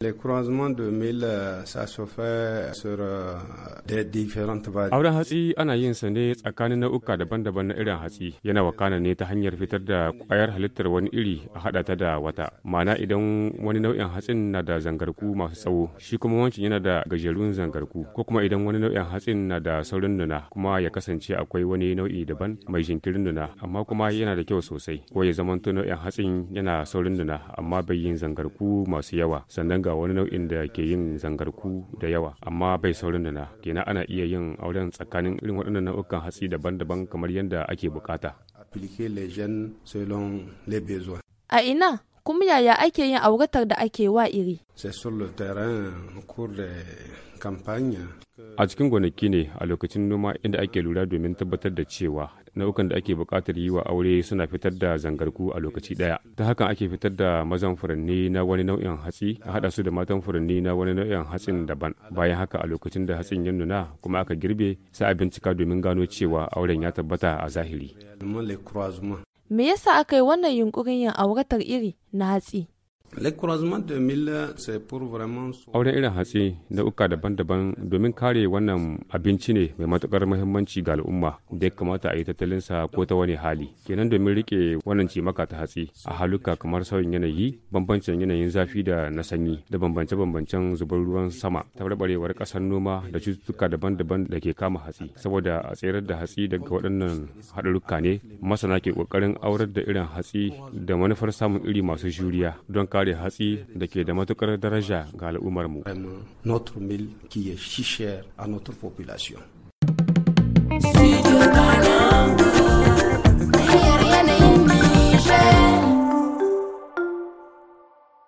Les croisements de mille, euh, ça se fait sur euh, da hatsi ana yin sa ne tsakanin nau'uka daban-daban na irin hatsi yana wakana ne ta hanyar fitar da kwayar halittar wani iri a haɗata ta da wata. Ma'ana idan wani nau'in hatsin na da zangarku masu tsawo shi kuma wancan yana da gajerun zangarku ko kuma idan wani nau'in hatsin na da saurin nuna kuma ya kasance akwai wani nau'i daban mai jinkirin nuna amma kuma yana da kyau sosai ko ya zamanto nau'in hatsin yana saurin nuna amma bai yin zangarku masu yawa sannan ga wani nau'in da ke yin zangarku da yawa amma bai saurin nuna kenan ma'ana ana iya yin auren tsakanin irin waɗannan nau'ukan hatsi daban-daban kamar yadda ake bukata a ina kuma yaya ake yin auratar da ake wa iri a cikin gonaki ne a lokacin noma inda ake lura domin tabbatar da cewa nau'ukan da ake buƙatar yi wa aure suna fitar da zangarku a lokaci ɗaya ta hakan ake fitar da mazan furanni na wani nau'in hatsi a haɗa su da matan furanni na wani nau'in hatsin daban bayan haka a lokacin da hatsin ya nuna kuma aka girbe sai a bincika domin gano cewa auren ya tabbata a zahiri me yasa aka yi wannan yunkurin yin auratar iri na hatsi Auren irin hatsi na uka daban-daban domin kare wannan abinci ne mai matukar muhimmanci ga al'umma da ya kamata a yi tattalinsa ko ta wani hali. Kenan domin rike wannan cimaka ta hatsi a haluka kamar sauyin yanayi, bambancin yanayin zafi da na sanyi da bambance-bambancen zubar ruwan sama, tabarbarewar kasar noma da cututtuka daban-daban da ke kama hatsi. Saboda a tserar da hatsi daga waɗannan haɗarurruka ne, masana ke ƙoƙarin aurar da irin hatsi da manufar samun iri masu juriya don ka kare hatsi da ke da matukar daraja ga al'ummarmu.